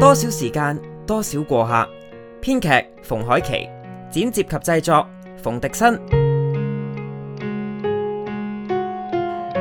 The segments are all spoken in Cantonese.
多少時間，多少過客。編劇馮海琪，剪接及製作馮迪新。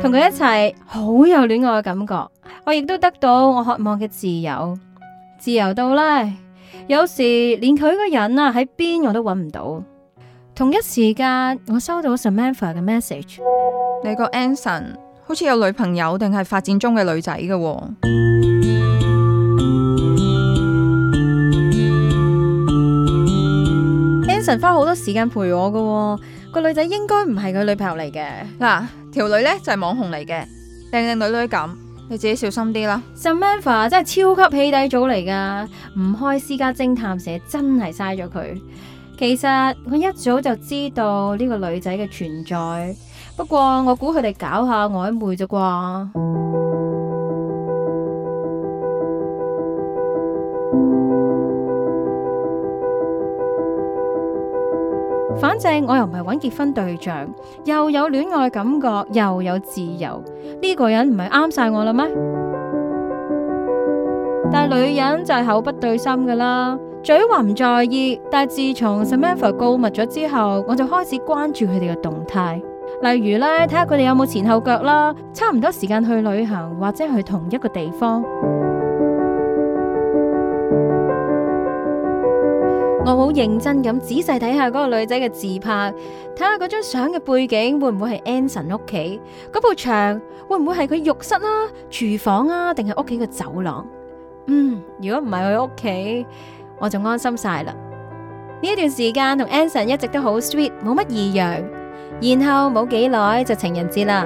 同佢一齊，好有戀愛嘅感覺。我亦都得到我渴望嘅自由，自由到呢，有時連佢個人啊喺邊我都搵唔到。同一時間，我收到 Samantha 嘅 message。你個 Anson 好似有女朋友定係發展中嘅女仔嘅？花好多時間陪我嘅個女仔應該唔係佢女朋友嚟嘅，嗱、啊、條女呢就係、是、網紅嚟嘅，靚靚女女咁，你自己小心啲啦。Samantha 真係超級起底組嚟噶，唔開私家偵探社真係嘥咗佢。其實我一早就知道呢個女仔嘅存在，不過我估佢哋搞下曖昧咋啩。反正我又唔係揾結婚對象，又有戀愛感覺，又有自由，呢個人唔係啱晒我啦咩？ 但係女人就係口不對心噶啦，嘴話唔在意，但係自從 Samantha 告密咗之後，我就開始關注佢哋嘅動態，例如咧睇下佢哋有冇前後腳啦，差唔多時間去旅行或者去同一個地方。我好認真咁仔細睇下嗰個女仔嘅自拍，睇下嗰張相嘅背景會唔會係 Anson 屋企？嗰部牆會唔會係佢浴室啦、啊、廚房啊，定係屋企嘅走廊？嗯，如果唔係佢屋企，我就安心晒啦。呢一段時間同 Anson 一直都好 sweet，冇乜異樣。然後冇幾耐就情人節啦。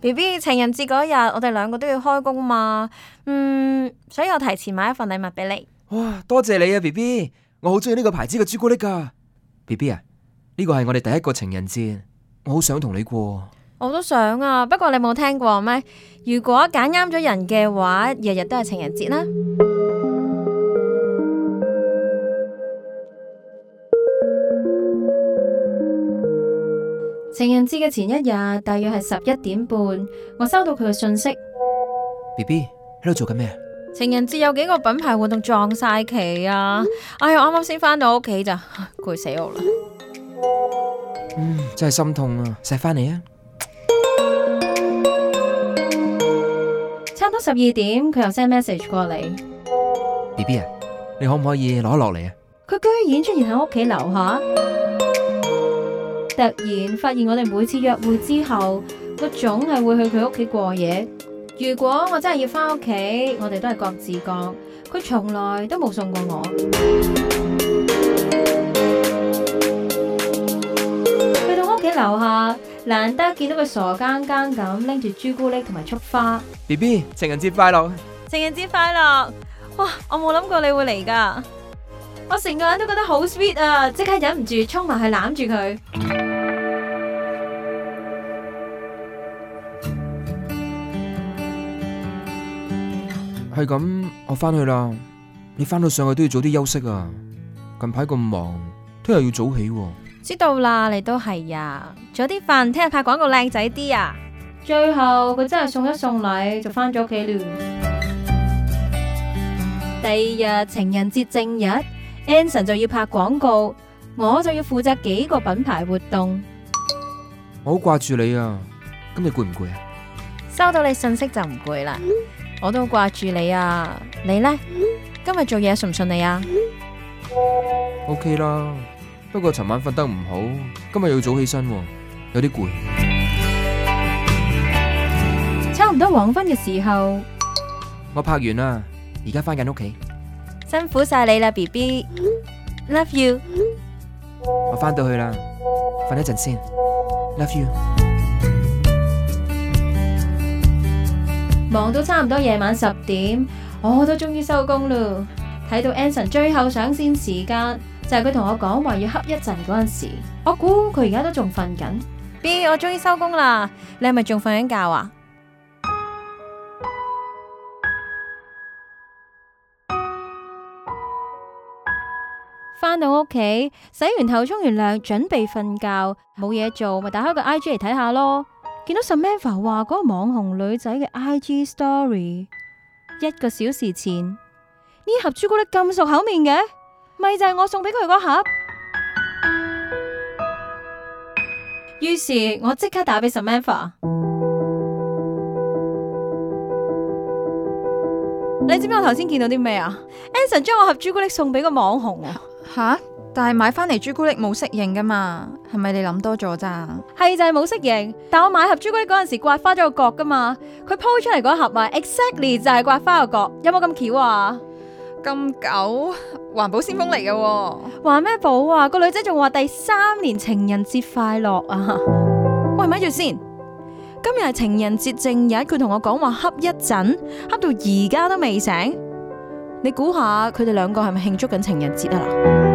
B B 情人節嗰日我哋兩個都要開工嘛，嗯，所以我提前買一份禮物俾你。哇，多謝你啊 B B，我好中意呢個牌子嘅朱古力㗎。B B 啊，呢個係我哋第一個情人節，我好想同你過。我都想啊，不過你冇聽過咩？如果揀啱咗人嘅話，日日都係情人節啦啊。情人節嘅前一日，大約係十一點半，我收到佢嘅信息。B B 喺度做緊咩？情人節有幾個品牌活動撞晒期啊！哎、嗯、呀，啱啱先翻到屋企咋，攰死我啦。嗯，真係心痛啊！錫翻嚟啊！差唔多十二點，佢又 send message 過嚟。B B 啊，你可唔可以攞一落嚟啊？佢居然出現喺屋企樓下。突然發現，我哋每次約會之後，佢總係會去佢屋企過夜。如果我真係要翻屋企，我哋都係各自各。佢從來都冇送過我。 去到屋企樓下，難得見到佢傻更更咁拎住朱古力同埋束花。BB，情人節快樂！情人節快樂！哇，我冇諗過你會嚟噶。我成個人都覺得好 sweet 啊！即刻忍唔住衝埋去攬住佢。 係咁，我翻去啦。你翻到上去都要早啲休息啊！近排咁忙，聽日要早起啊。知道啦，你都係啊！早啲瞓，聽日拍廣告靚仔啲啊！最後佢真係送一送禮，就翻咗屋企了。第二日情人節正日，Anson 就要拍廣告，我就要負責幾個品牌活動。我好掛住你啊！咁你攰唔攰啊？收到你信息就唔攰啦。嗯我都掛住你啊！你呢？今日做嘢順唔順利啊？OK 啦，不過尋晚瞓得唔好，今日又要早起身，有啲攰。差唔多黃昏嘅時候，我拍完啦，而家翻緊屋企。辛苦晒你啦，BB，Love you。我翻到去啦，瞓一陣先，Love you。忙到差唔多夜晚十點，我都終於收工咯。睇到 Anson 最後上線時間，就係佢同我講話要黑一陣嗰陣時，我估佢而家都仲瞓緊。B，我終於收工啦，你係咪仲瞓緊覺啊？返到屋企，洗完頭、沖完涼，準備瞓覺，冇嘢做，咪打開個 IG 嚟睇下咯。見到 Samantha 話嗰個網紅女仔嘅 IG story，一個小時前，呢盒朱古力咁熟口面嘅？咪就係我送俾佢嗰盒。 於是我即刻打俾 Samantha。 你知唔知我頭先見到啲咩啊？Anson 將我盒朱古力送俾個網紅啊！吓？但係買翻嚟，朱古力冇適應噶嘛，係咪你諗多咗咋？係就係冇適應，但我買盒朱古力嗰陣時刮花咗個角噶嘛，佢 po 出嚟嗰盒啊，exactly 就係刮花個角，有冇咁巧啊？咁久，環保先鋒嚟嘅，話咩保啊？個女仔仲話第三年情人節快樂啊！喂，咪住先，今日係情人節正日，佢同我講話瞌一陣，瞌到而家都未醒，你估下佢哋兩個係咪慶祝緊情人節啊？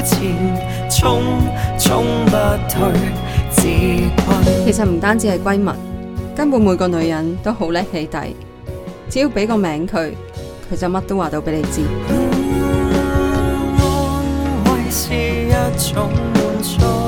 其實唔單止係閨蜜，根本每個女人都好叻起底，只要俾個名佢，佢就乜都話到俾你知。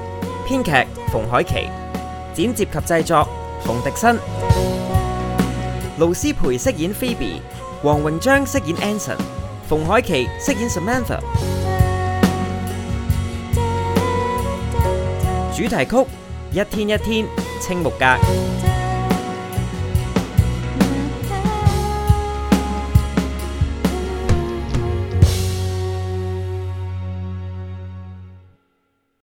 編劇馮海琪，剪接及製作馮迪新，盧思培飾演 Phoebe，黃榮章飾演 Anson，馮海琪飾演 Samantha，主題曲《一天一天》青木格。